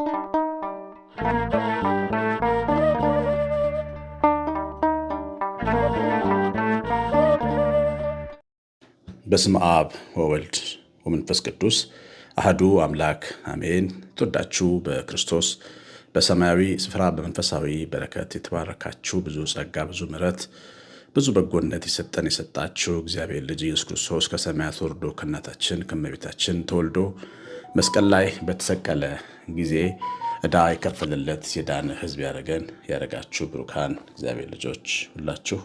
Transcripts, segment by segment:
በስም አብ ወወልድ ወመንፈስ ቅዱስ አህዱ አምላክ አሜን። ትወዳችሁ በክርስቶስ በሰማያዊ ስፍራ በመንፈሳዊ በረከት የተባረካችሁ ብዙ ጸጋ፣ ብዙ ምሕረት፣ ብዙ በጎነት የሰጠን የሰጣችሁ እግዚአብሔር ልጅ ኢየሱስ ክርስቶስ ከሰማያት ወርዶ ከእናታችን ከእመቤታችን ተወልዶ መስቀል ላይ በተሰቀለ ጊዜ ዕዳ የከፈለለት የዳነ ሕዝብ ያደረገን ያደረጋችሁ ብሩካን እግዚአብሔር ልጆች ሁላችሁ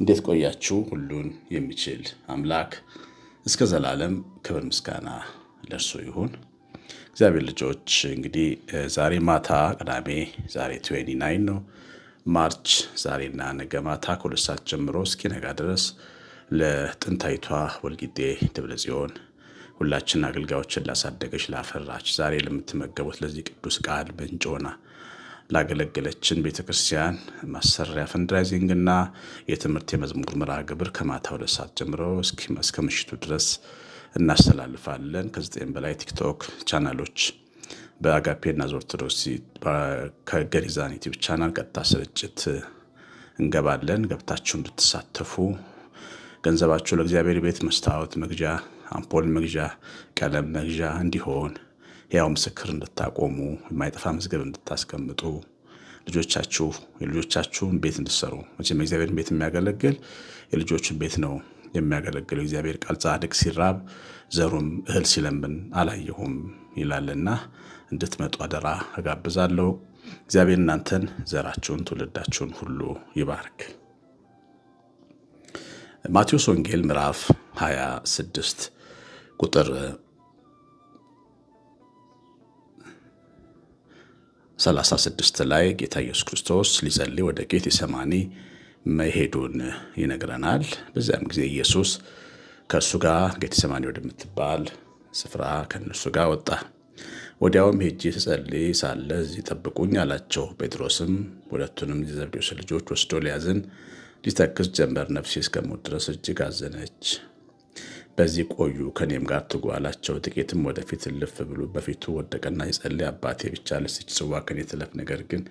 እንዴት ቆያችሁ? ሁሉን የሚችል አምላክ እስከ ዘላለም ክብር ምስጋና ለእርሱ ይሁን። እግዚአብሔር ልጆች እንግዲህ ዛሬ ማታ ቅዳሜ ዛሬ ትዌንቲ ናይን ነው ማርች ዛሬና ነገ ማታ ከሁለት ሰዓት ጀምሮ እስኪነጋ ድረስ ለጥንታይቷ ወልቂጤ ደብረ ጽዮን ሁላችን አገልጋዮችን ላሳደገች ላፈራች፣ ዛሬ ለምትመገቡት ለዚህ ቅዱስ ቃል ምንጭ ላገለገለችን ቤተ ክርስቲያን ማሰሪያ ፈንድራይዚንግና የትምህርት የመዝሙር ምራ ግብር ከማታ ሁለት ሰዓት ጀምሮ እስከ ምሽቱ ድረስ እናስተላልፋለን። ከዘጠኝ በላይ ቲክቶክ ቻናሎች በአጋፔና ኦርቶዶክስ ከገሪዛን ዩቲዩብ ቻናል ቀጥታ ስርጭት እንገባለን። ገብታችሁ እንድትሳተፉ ገንዘባችሁ ለእግዚአብሔር ቤት መስታወት መግዣ አምፖል መግዣ፣ ቀለም መግዣ እንዲሆን ያው ምስክር እንድታቆሙ የማይጠፋ መዝገብ እንድታስቀምጡ ልጆቻችሁ የልጆቻችሁን ቤት እንድሰሩ መቼም እግዚአብሔር ቤት የሚያገለግል የልጆቹን ቤት ነው የሚያገለግለው። እግዚአብሔር ቃል ጻድቅ ሲራብ ዘሩም እህል ሲለምን አላየሁም ይላልና እንድትመጡ አደራ እጋብዛለሁ። እግዚአብሔር እናንተን፣ ዘራችሁን፣ ትውልዳችሁን ሁሉ ይባርክ። ማቴዎስ ወንጌል ምዕራፍ 26 ቁጥር 36 ላይ ጌታ ኢየሱስ ክርስቶስ ሊጸልይ ወደ ጌቴ ሰማኒ መሄዱን ይነግረናል። በዚያም ጊዜ ኢየሱስ ከእሱ ጋር ጌቴ ሰማኒ ወደምትባል ስፍራ ከእነሱ ጋር ወጣ። ወዲያውም ሄጄ ስጸልይ ሳለ እዚህ ጠብቁኝ አላቸው። ጴጥሮስም ሁለቱንም የዘብዴዎስ ልጆች ወስዶ ሊያዝን ሊተክስ ጀመር። ነፍሴ እስከሞት ድረስ እጅግ አዘነች። በዚህ ቆዩ ከኔም ጋር ትጉ አላቸው። ጥቂትም ወደፊት እልፍ ብሎ በፊቱ ወደቀና የጸለይ አባቴ ብቻ ልስች ጽዋ ከኔ ትለፍ፣ ነገር ግን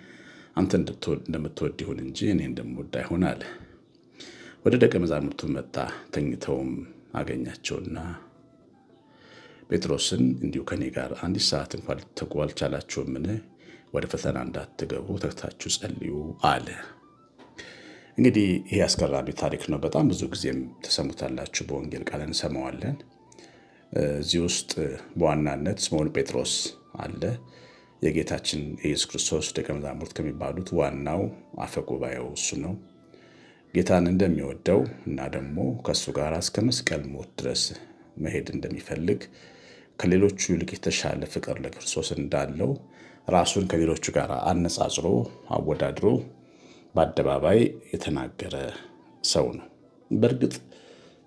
አንተ እንደምትወድ ይሁን እንጂ እኔ እንደምወድ አይሆን አለ። ወደ ደቀ መዛሙርቱ መጣ፣ ተኝተውም አገኛቸውና ጴጥሮስን እንዲሁ ከኔ ጋር አንዲት ሰዓት እንኳን ልትተጉ አልቻላችሁምን? ወደ ፈተና እንዳትገቡ ተግታችሁ ጸልዩ አለ። እንግዲህ ይሄ አስገራሚ ታሪክ ነው። በጣም ብዙ ጊዜም ተሰሙታላችሁ፣ በወንጌል ቃል እንሰማዋለን። እዚህ ውስጥ በዋናነት ስምዖን ጴጥሮስ አለ። የጌታችን የኢየሱስ ክርስቶስ ደቀ መዛሙርት ከሚባሉት ዋናው አፈ ጉባኤው እሱ ነው። ጌታን እንደሚወደው እና ደግሞ ከእሱ ጋር እስከ መስቀል ሞት ድረስ መሄድ እንደሚፈልግ ከሌሎቹ ይልቅ የተሻለ ፍቅር ለክርስቶስ እንዳለው ራሱን ከሌሎቹ ጋር አነጻጽሮ አወዳድሮ በአደባባይ የተናገረ ሰው ነው። በእርግጥ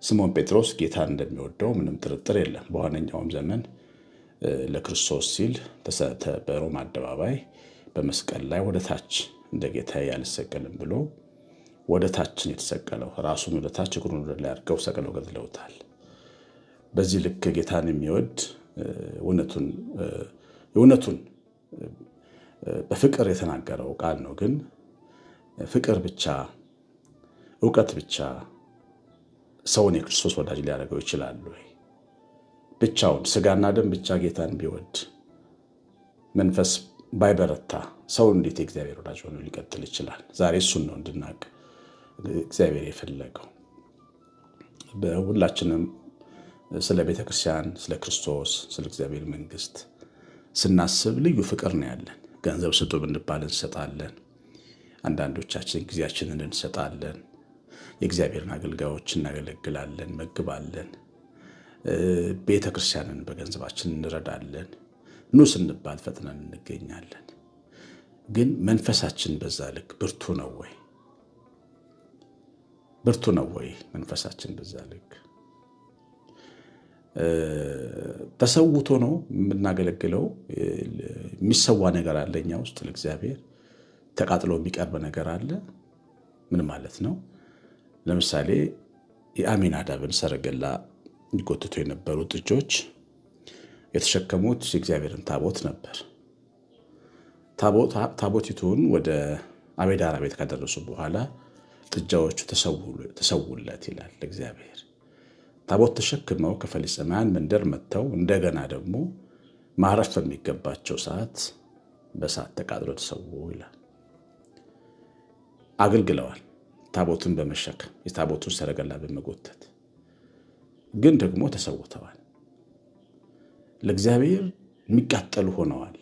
ስምዖን ጴጥሮስ ጌታን እንደሚወደው ምንም ጥርጥር የለም። በኋነኛውም ዘመን ለክርስቶስ ሲል በሮም አደባባይ በመስቀል ላይ ወደታች እንደ ጌታ አልሰቀልም ብሎ ወደ ታችን የተሰቀለው ራሱን ወደ ታች እግሩን ወደ ላይ አድርገው ሰቅለው ገድለውታል። በዚህ ልክ ጌታን የሚወድ እውነቱን በፍቅር የተናገረው ቃል ነው። ግን ፍቅር ብቻ፣ እውቀት ብቻ ሰውን የክርስቶስ ወዳጅ ሊያደርገው ይችላሉ? ብቻውን ስጋና ደም ብቻ ጌታን ቢወድ መንፈስ ባይበረታ ሰው እንዴት የእግዚአብሔር ወዳጅ ሆኖ ሊቀጥል ይችላል? ዛሬ እሱን ነው እንድናቅ እግዚአብሔር የፈለገው። በሁላችንም ስለ ቤተክርስቲያን፣ ስለ ክርስቶስ፣ ስለ እግዚአብሔር መንግስት ስናስብ ልዩ ፍቅር ነው ያለን። ገንዘብ ስጡ ብንባል እንሰጣለን። አንዳንዶቻችን ጊዜያችንን እንሰጣለን። የእግዚአብሔርን አገልጋዮች እናገለግላለን፣ መግባለን፣ ቤተክርስቲያንን በገንዘባችን እንረዳለን። ኑ ስንባል ፈጥነን እንገኛለን። ግን መንፈሳችን በዛ ልክ ብርቱ ነው ወይ? ብርቱ ነው ወይ? መንፈሳችን በዛ ልክ ተሰውቶ ነው የምናገለግለው? የሚሰዋ ነገር አለ ውስጥ ለእግዚአብሔር ተቃጥሎ የሚቀርብ ነገር አለ። ምን ማለት ነው? ለምሳሌ የአሚናዳብን ሰረገላ ይጎትቱ የነበሩ ጥጆች የተሸከሙት የእግዚአብሔርን ታቦት ነበር። ታቦቲቱን ወደ አቤዳራ ቤት ካደረሱ በኋላ ጥጃዎቹ ተሰውለት ይላል እግዚአብሔር። ታቦት ተሸክመው ከፈሊስጥማውያን መንደር መጥተው እንደገና ደግሞ ማረፍ በሚገባቸው ሰዓት በሰዓት ተቃጥሎ ተሰው ይላል። አገልግለዋል። ታቦቱን በመሸከም የታቦቱን ሰረገላ በመጎተት ግን ደግሞ ተሰውተዋል። ለእግዚአብሔር የሚቃጠሉ ሆነዋል፣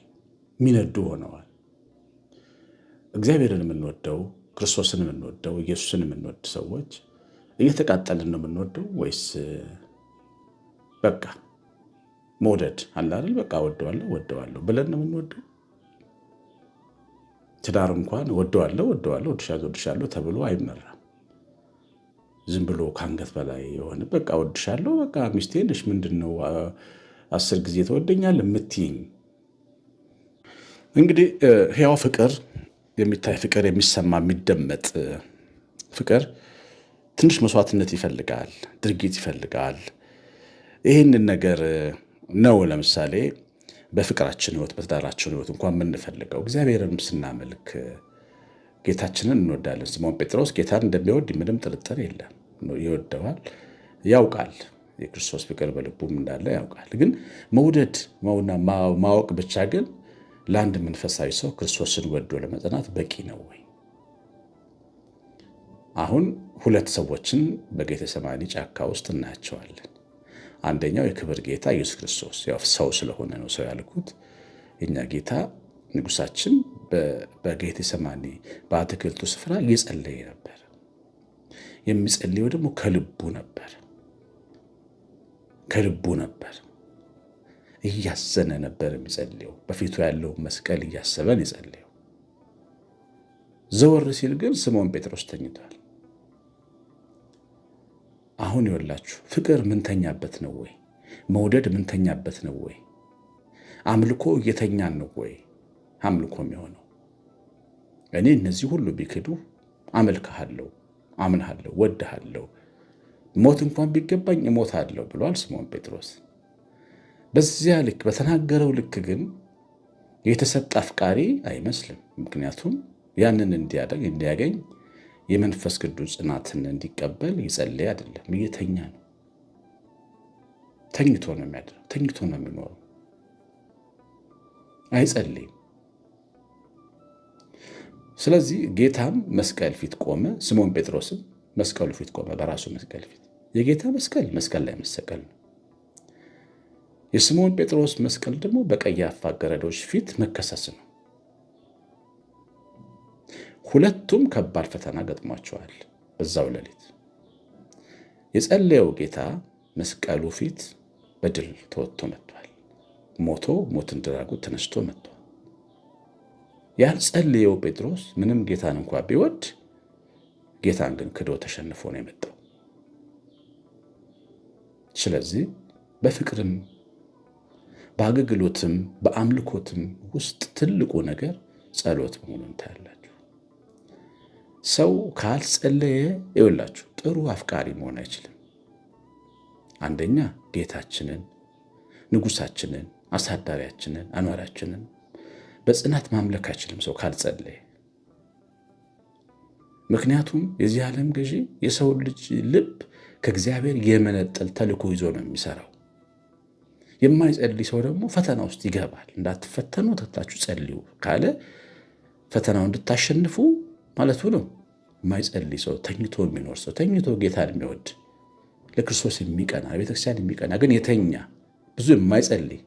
የሚነዱ ሆነዋል። እግዚአብሔርን የምንወደው ክርስቶስን የምንወደው ኢየሱስን የምንወድ ሰዎች እየተቃጠልን ነው የምንወደው ወይስ በቃ መውደድ አለ አይደል? በቃ ወደዋለሁ ወደዋለሁ ብለን ነው የምንወደው ትዳር እንኳን ወደዋለሁ ወደዋለሁ ወድሻለሁ ወድሻለሁ ተብሎ አይመራም። ዝም ብሎ ከአንገት በላይ የሆነ በቃ ወድሻለሁ በቃ ሚስቴ ነሽ ምንድን ነው አስር ጊዜ ተወደኛል የምትይኝ። እንግዲህ ሕያው ፍቅር የሚታይ ፍቅር የሚሰማ የሚደመጥ ፍቅር ትንሽ መስዋዕትነት ይፈልጋል፣ ድርጊት ይፈልጋል። ይህንን ነገር ነው ለምሳሌ በፍቅራችን ህይወት በትዳራችን ህይወት እንኳን የምንፈልገው እግዚአብሔርን ስናመልክ ጌታችንን እንወዳለን። ሲሞን ጴጥሮስ ጌታን እንደሚወድ ምንም ጥርጥር የለም። ይወደዋል፣ ያውቃል። የክርስቶስ ፍቅር በልቡም እንዳለ ያውቃል። ግን መውደድ መውና ማወቅ ብቻ ግን ለአንድ መንፈሳዊ ሰው ክርስቶስን ወዶ ለመጽናት በቂ ነው ወይ? አሁን ሁለት ሰዎችን በጌተሰማኒ ጫካ ውስጥ እናያቸዋለን። አንደኛው የክብር ጌታ ኢየሱስ ክርስቶስ ያው ሰው ስለሆነ ነው ሰው ያልኩት። የኛ ጌታ ንጉሳችን በጌቴ በአትክልቱ ስፍራ እየጸለየ ነበር። የሚጸልየው ደግሞ ከልቡ ነበር፣ ከልቡ ነበር። እያዘነ ነበር የሚጸልየው። በፊቱ ያለውን መስቀል እያሰበን ይጸልየው። ዘወር ሲል ግን ስምዖን ጴጥሮስ ተኝቷል። አሁን ይወላችሁ ፍቅር ምንተኛበት ነው ወይ? መውደድ ምንተኛበት ነው ወይ? አምልኮ እየተኛን ነው ወይ? አምልኮ የሚሆነው እኔ እነዚህ ሁሉ ቢክዱ አመልክሃለሁ፣ አምንሃለሁ፣ ወድሃለሁ፣ ሞት እንኳን ቢገባኝ እሞታለሁ ብሏል ስምዖን ጴጥሮስ። በዚያ ልክ በተናገረው ልክ ግን የተሰጠ አፍቃሪ አይመስልም። ምክንያቱም ያንን እንዲያደግ እንዲያገኝ የመንፈስ ቅዱስ ጽናትን እንዲቀበል ይጸለይ አይደለም፣ እየተኛ ነው። ተኝቶ ነው የሚያድረው፣ ተኝቶ ነው የሚኖረው፣ አይጸልይም። ስለዚህ ጌታም መስቀል ፊት ቆመ፣ ስሞን ጴጥሮስም መስቀሉ ፊት ቆመ፣ በራሱ መስቀል ፊት። የጌታ መስቀል መስቀል ላይ መሰቀል ነው። የስሞን ጴጥሮስ መስቀል ደግሞ በቀያፋ ገረዶች ፊት መከሰስ ነው። ሁለቱም ከባድ ፈተና ገጥሟቸዋል በዛው ሌሊት። የጸለየው ጌታ መስቀሉ ፊት በድል ተወጥቶ መጥቷል። ሞቶ ሞትን ድራጉ ተነስቶ መጥቷል። ያልጸለየው ጴጥሮስ ምንም ጌታን እንኳ ቢወድ ጌታን ግን ክዶ ተሸንፎ ነው የመጣው። ስለዚህ በፍቅርም በአገልግሎትም በአምልኮትም ውስጥ ትልቁ ነገር ጸሎት መሆኑን ታያለን። ሰው ካልጸለየ ይወላችሁ ጥሩ አፍቃሪ መሆን አይችልም። አንደኛ ጌታችንን፣ ንጉሳችንን፣ አሳዳሪያችንን፣ አኗራችንን በጽናት ማምለክ አይችልም ሰው ካልጸለየ። ምክንያቱም የዚህ ዓለም ገዢ የሰው ልጅ ልብ ከእግዚአብሔር የመነጠል ተልዕኮ ይዞ ነው የሚሰራው። የማይጸልይ ሰው ደግሞ ፈተና ውስጥ ይገባል። እንዳትፈተኑ ተታችሁ ጸልዩ ካለ ፈተናው እንድታሸንፉ ማለት ሁሉ የማይጸልይ ሰው፣ ተኝቶ የሚኖር ሰው፣ ተኝቶ ጌታን የሚወድ ለክርስቶስ የሚቀና ለቤተክርስቲያን የሚቀና ግን የተኛ ብዙ የማይጸልይ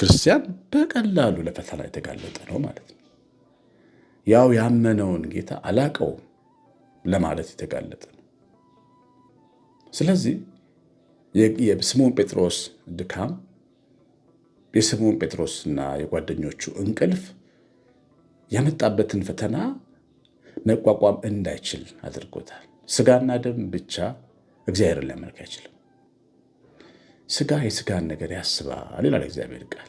ክርስቲያን በቀላሉ ለፈተና የተጋለጠ ነው ማለት ነው። ያው ያመነውን ጌታ አላቀውም ለማለት የተጋለጠ ነው። ስለዚህ የስምዖን ጴጥሮስ ድካም፣ የስምዖን ጴጥሮስና የጓደኞቹ እንቅልፍ ያመጣበትን ፈተና መቋቋም እንዳይችል አድርጎታል። ስጋና ደም ብቻ እግዚአብሔርን ሊያመልክ አይችልም። ስጋ የስጋን ነገር ያስባል ይላል እግዚአብሔር ቃል።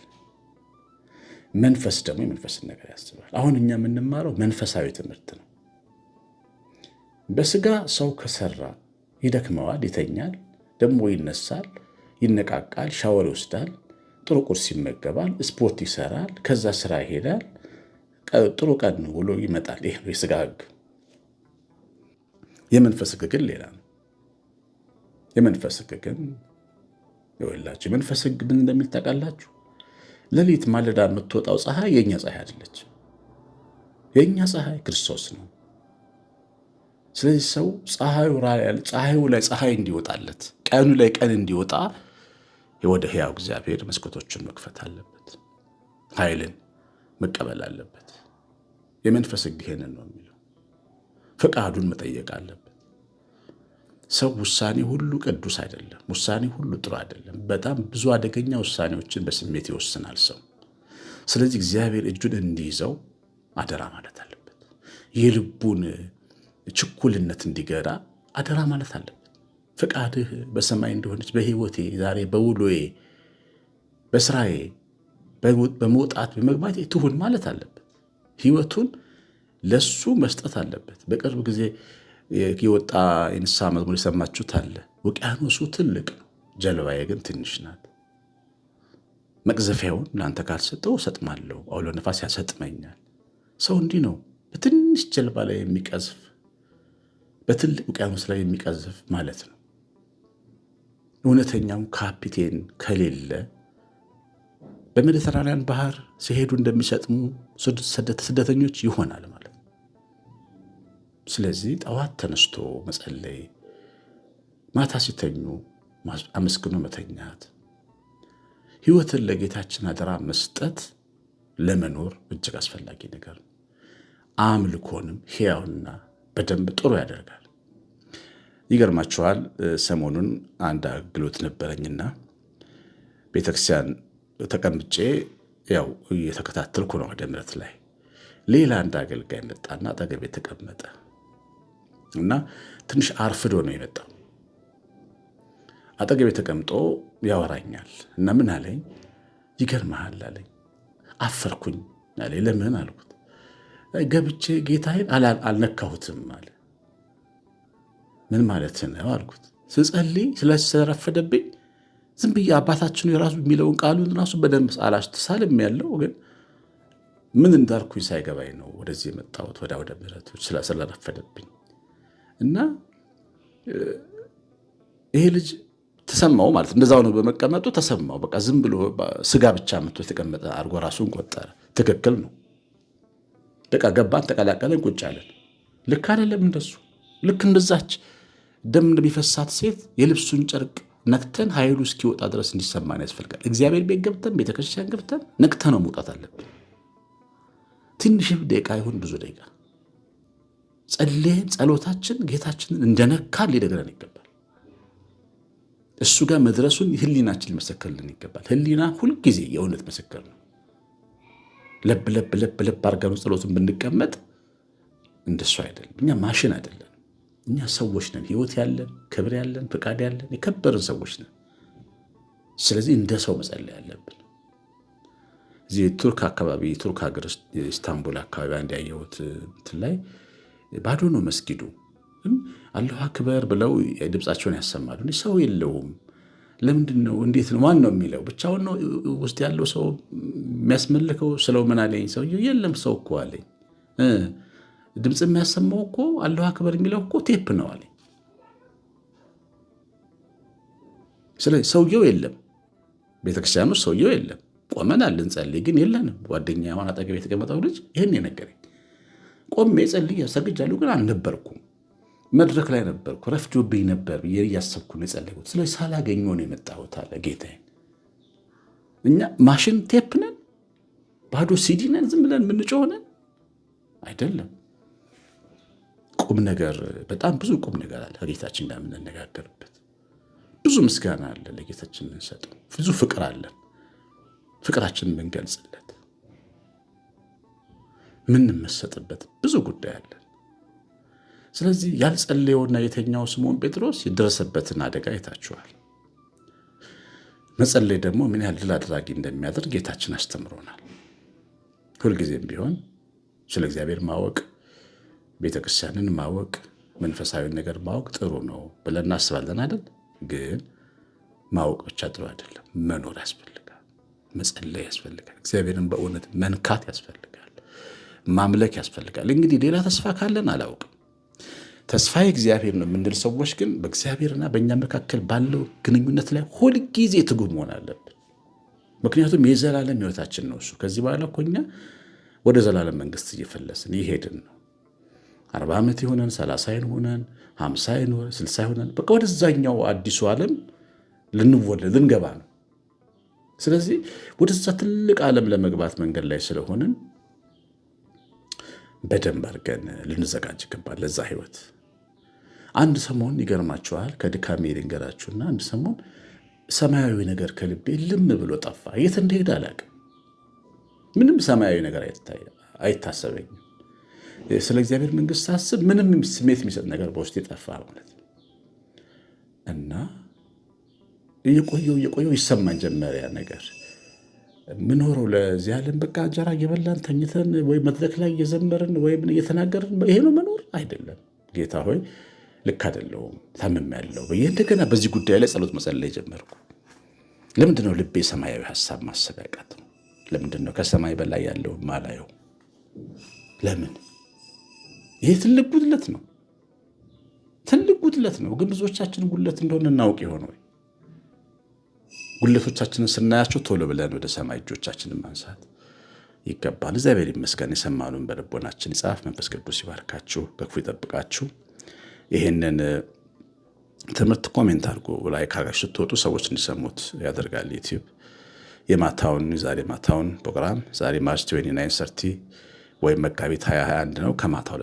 መንፈስ ደግሞ የመንፈስን ነገር ያስባል። አሁን እኛ የምንማረው መንፈሳዊ ትምህርት ነው። በስጋ ሰው ከሰራ ይደክመዋል፣ ይተኛል፣ ደግሞ ይነሳል፣ ይነቃቃል፣ ሻወር ይወስዳል፣ ጥሩ ቁርስ ይመገባል፣ ስፖርት ይሰራል፣ ከዛ ስራ ይሄዳል፣ ጥሩ ቀን ነው ውሎ ይመጣል። ይህ ነው የስጋ ህግ። የመንፈስ ህግ ግን ሌላ ነው። የመንፈስ ህግ ግን ይወላችሁ የመንፈስ ህግ ምን እንደሚል ታውቃላችሁ? ሌሊት ማለዳ የምትወጣው ፀሐይ የእኛ ፀሐይ አይደለች። የእኛ ፀሐይ ክርስቶስ ነው። ስለዚህ ሰው ፀሐዩ ላይ ፀሐይ እንዲወጣለት፣ ቀኑ ላይ ቀን እንዲወጣ ወደ ህያው እግዚአብሔር መስኮቶችን መክፈት አለበት። ኃይልን መቀበል አለበት። የመንፈስ ሕግ ይሄንን ነው የሚለው። ፈቃዱን መጠየቅ አለበት። ሰው ውሳኔ ሁሉ ቅዱስ አይደለም፣ ውሳኔ ሁሉ ጥሩ አይደለም። በጣም ብዙ አደገኛ ውሳኔዎችን በስሜት ይወስናል ሰው። ስለዚህ እግዚአብሔር እጁን እንዲይዘው አደራ ማለት አለበት። የልቡን ችኩልነት እንዲገራ አደራ ማለት አለበት። ፈቃድህ በሰማይ እንደሆነች በህይወቴ ዛሬ በውሎዬ በስራዬ በመውጣት በመግባቴ ትሁን ማለት አለበት። ህይወቱን ለሱ መስጠት አለበት። በቅርብ ጊዜ የወጣ የንሳ መዝሙር የሰማችሁት አለ። ውቅያኖሱ ትልቅ ነው፣ ጀልባዬ ግን ትንሽ ናት። መቅዘፊያውን ለአንተ ካልሰጠው እሰጥማለሁ፣ አውሎ ነፋስ ያሰጥመኛል። ሰው እንዲህ ነው፣ በትንሽ ጀልባ ላይ የሚቀዝፍ በትልቅ ውቅያኖስ ላይ የሚቀዝፍ ማለት ነው። እውነተኛው ካፒቴን ከሌለ በሜዲተራንያን ባህር ሲሄዱ እንደሚሰጥሙ ስደተኞች ይሆናል ማለት ነው። ስለዚህ ጠዋት ተነስቶ መጸለይ፣ ማታ ሲተኙ አመስግኖ መተኛት፣ ህይወትን ለጌታችን አደራ መስጠት ለመኖር እጅግ አስፈላጊ ነገር ነው። አምልኮንም ሕያውና በደንብ ጥሩ ያደርጋል። ይገርማችኋል፣ ሰሞኑን አንድ አገልግሎት ነበረኝና ቤተክርስቲያን ተቀምጬ ያው እየተከታተልኩ ነው ወደ ምረት ላይ ሌላ አንድ አገልጋይ መጣና አጠገቤ ተቀመጠ እና ትንሽ አርፍዶ ነው የመጣው። አጠገቤ ተቀምጦ ያወራኛል እና ምን አለኝ፣ ይገርመሃል አለኝ። አፈርኩኝ አለ። ለምን አልኩት። ገብቼ ጌታዬን አልነካሁትም አለ። ምን ማለት ነው አልኩት። ስጸልይ ስለረፈደብኝ ዝም ብዬ አባታችን የራሱ የሚለውን ቃሉን ራሱ በደንብ ሳላሽ ተሳልም ያለው ግን ምን እንዳልኩኝ ሳይገባኝ ነው ወደዚህ የመጣሁት ወደ አውደ ምሕረቶች ስለረፈደብኝ እና ይሄ ልጅ ተሰማው ማለት እንደዛው ነው በመቀመጡ ተሰማው። በቃ ዝም ብሎ ስጋ ብቻ መቶ የተቀመጠ አድርጎ ራሱን ቆጠረ። ትክክል ነው። በቃ ገባን፣ ተቀላቀለን፣ ቁጭ አለን። ልክ አይደለም እንደሱ። ልክ እንደዛች ደም እንደሚፈሳት ሴት የልብሱን ጨርቅ ነክተን ኃይሉ እስኪወጣ ድረስ እንዲሰማን ያስፈልጋል። እግዚአብሔር ቤት ገብተን ቤተክርስቲያን ገብተን ነክተ ነው መውጣት አለብን። ትንሽም ደቂቃ ይሁን ብዙ ደቂቃ ጸልየን ጸሎታችን ጌታችንን እንደነካ ሊነግረን ይገባል። እሱ ጋር መድረሱን ህሊናችን ሊመሰከርልን ይገባል። ህሊና ሁልጊዜ የእውነት መሰከር ነው። ለብ ለብ ለብ ለብ አድርገን ጸሎትን ብንቀመጥ እንደሱ አይደለም። እኛ ማሽን አይደለም። እኛ ሰዎች ነን፣ ህይወት ያለን፣ ክብር ያለን፣ ፍቃድ ያለን የከበርን ሰዎች ነን። ስለዚህ እንደ ሰው መጸለይ ያለብን። እዚህ ቱርክ አካባቢ የቱርክ ሀገር ኢስታንቡል አካባቢ አንድ ያየሁት እንትን ላይ ባዶ ነው መስጊዱ። አላሁ አክበር ብለው ድምፃቸውን ያሰማሉ። ሰው የለውም። ለምንድን ነው እንዴት ነው ማን ነው የሚለው? ብቻውን ነው ውስጥ ያለው ሰው የሚያስመልከው። ስለው ምን አለኝ ሰውዬው፣ የለም ሰው እኮ አለኝ ድምፅ የሚያሰማው እኮ አላሁ አክበር የሚለው እኮ ቴፕ ነው አለ። ስለዚህ ሰውየው የለም፣ ቤተክርስቲያን ሰውየው የለም። ቆመናል ልንጸልይ ግን የለንም። ጓደኛ ሆን አጠገብ የተቀመጠው ልጅ ይህን የነገረኝ ቆሜ ጸልዬ ሰግጃለሁ፣ ግን አልነበርኩም። መድረክ ላይ ነበርኩ፣ ረፍጆብኝ ነበር እያሰብኩ ነው የጸለይኩት። ስለዚህ ሳላገኘው ነው የመጣሁት አለ ጌታዬ። እኛ ማሽን ቴፕ ነን፣ ባዶ ሲዲ ነን፣ ዝም ብለን ምንጮሆነን አይደለም። ቁም ነገር በጣም ብዙ ቁም ነገር አለ ከጌታችን ጋር የምንነጋገርበት። ብዙ ምስጋና አለ ለጌታችን የምንሰጠው፣ ብዙ ፍቅር አለን ፍቅራችንን የምንገልጽለት የምንመሰጥበት ብዙ ጉዳይ አለን። ስለዚህ ያልጸለየውና የተኛው ስምዖን ጴጥሮስ የደረሰበትን አደጋ አይታችኋል። መጸለይ ደግሞ ምን ያህል ድል አድራጊ እንደሚያደርግ ጌታችን አስተምሮናል። ሁልጊዜም ቢሆን ስለ እግዚአብሔር ማወቅ ቤተክርስቲያንን ማወቅ መንፈሳዊ ነገር ማወቅ ጥሩ ነው ብለን እናስባለን አይደል? ግን ማወቅ ብቻ ጥሩ አይደለም። መኖር ያስፈልጋል። መጸለይ ያስፈልጋል። እግዚአብሔርን በእውነት መንካት ያስፈልጋል። ማምለክ ያስፈልጋል። እንግዲህ ሌላ ተስፋ ካለን አላውቅም። ተስፋ እግዚአብሔር ነው የምንል ሰዎች ግን በእግዚአብሔርና በእኛ መካከል ባለው ግንኙነት ላይ ሁልጊዜ ትጉ መሆን አለብን። ምክንያቱም የዘላለም ሕይወታችን ነው እሱ። ከዚህ በኋላ እኮ እኛ ወደ ዘላለም መንግስት እየፈለስን ይሄድን ነው። አርባ ዓመት የሆነን ሰላሳ ይሆነን ሀምሳ ይኖር ስልሳ ይሆነን በቃ ወደዛኛው አዲሱ ዓለም ልንወለድ ልንገባ ነው። ስለዚህ ወደዛ ትልቅ ዓለም ለመግባት መንገድ ላይ ስለሆንን በደንብ አድርገን ልንዘጋጅ ይገባል ለዛ ህይወት። አንድ ሰሞን ይገርማችኋል፣ ከድካሜ ልንገራችሁና አንድ ሰሞን ሰማያዊ ነገር ከልቤ ልም ብሎ ጠፋ። የት እንደሄደ አላውቅም። ምንም ሰማያዊ ነገር አይታሰበኝም። ስለ እግዚአብሔር መንግስት ሳስብ ምንም ስሜት የሚሰጥ ነገር በውስጥ የጠፋ ማለት እና እየቆየው እየቆየው ይሰማን ጀመሪያ ያ ነገር ምንሆረው ለዚህ ዓለም በቃ እንጀራ እየበላን ተኝተን ወይ መድረክ ላይ እየዘመርን ወይም እየተናገርን ይሄ ነው መኖር አይደለም። ጌታ ሆይ ልክ አይደለሁም፣ ያለው ብዬ እንደገና በዚህ ጉዳይ ላይ ጸሎት መጸለይ ጀመርኩ። ለምንድነው ልቤ ሰማያዊ ሀሳብ ማሰብ ያቃተው? ለምንድነው ከሰማይ በላይ ያለው ማላየው? ለምን ይሄ ትልቅ ጉድለት ነው፣ ትልቅ ጉድለት ነው። ግን ብዙዎቻችን ጉድለት እንደሆነ እናውቅ የሆነ ወይ ጉድለቶቻችንን ስናያቸው ቶሎ ብለን ወደ ሰማይ እጆቻችንን ማንሳት ይገባል። እግዚአብሔር ይመስገን የሰማኑን በልቦናችን ይጻፍ። መንፈስ ቅዱስ ይባርካችሁ፣ በክፉ ይጠብቃችሁ። ይህንን ትምህርት ኮሜንት አድርጎ ላይ ካጋሽ ስትወጡ ሰዎች እንዲሰሙት ያደርጋል ዩቲዩብ የማታውን የዛሬ ማታውን ፕሮግራም ዛሬ ማርች 29 ሰርቲ ወይም መጋቢት 2021 ነው ከማታው